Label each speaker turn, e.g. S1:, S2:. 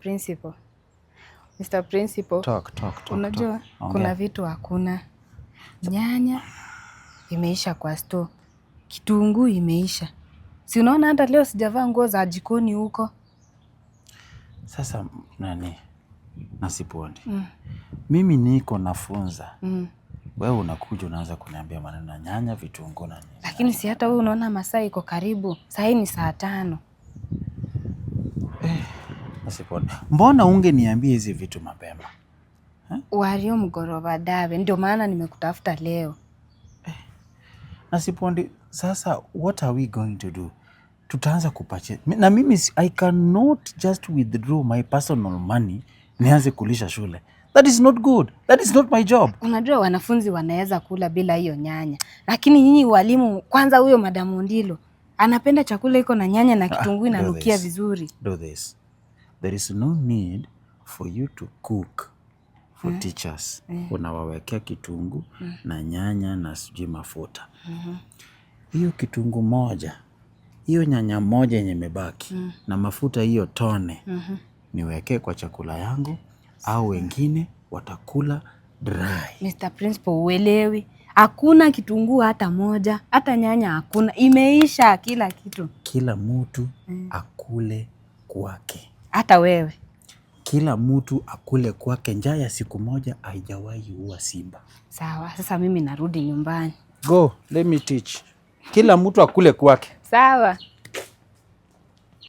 S1: Principal. Mr. Principal.
S2: Talk, talk, talk, unajua
S1: talk. Kuna vitu hakuna, nyanya imeisha kwa store, kitunguu imeisha, si unaona hata leo sijavaa nguo za jikoni huko.
S2: Sasa nani nasipuoni? mm. Mimi niko nafunza mm. Wewe unakuja unaanza kuniambia maneno ya nyanya, vitunguu na nini,
S1: lakini si hata wewe unaona masaa iko karibu, saa hii ni saa tano mm.
S2: Sikuona. Mbona niambie hizi vitu mapema?
S1: Wario mgoroba dawe, ndio maana nimekutafuta leo. Eh,
S2: na sipondi sasa, what are we going to do? Tutaanza kupache na mimi I cannot just withdraw my personal money nianze kulisha shule. That is not good. That is not my job.
S1: Unajua wanafunzi wanaweza kula bila hiyo nyanya, lakini nyinyi walimu, kwanza huyo madamu Ndilo anapenda chakula iko na nyanya na ah, kitunguu inanukia vizuri.
S2: Do this there is no need for you to cook for yeah. teachers yeah. Unawawekea kitungu yeah. Mm. na nyanya na sijui mafuta mm-hmm. hiyo -hmm. -huh. moja hiyo nyanya moja yenye imebaki yeah. Mm. na mafuta hiyo tone mm -hmm. niwekee kwa chakula yangu au wengine watakula dry.
S1: Mr. Principal, uelewi hakuna kitunguu hata moja, hata nyanya hakuna, imeisha kila kitu.
S2: Kila mtu mm. akule kwake
S1: hata wewe.
S2: Kila mtu akule kwake, njaa ya siku moja haijawahi uwa simba.
S1: Sawa, sasa mimi narudi nyumbani.
S2: Go, let me teach. Kila mtu akule kwake.
S1: Sawa.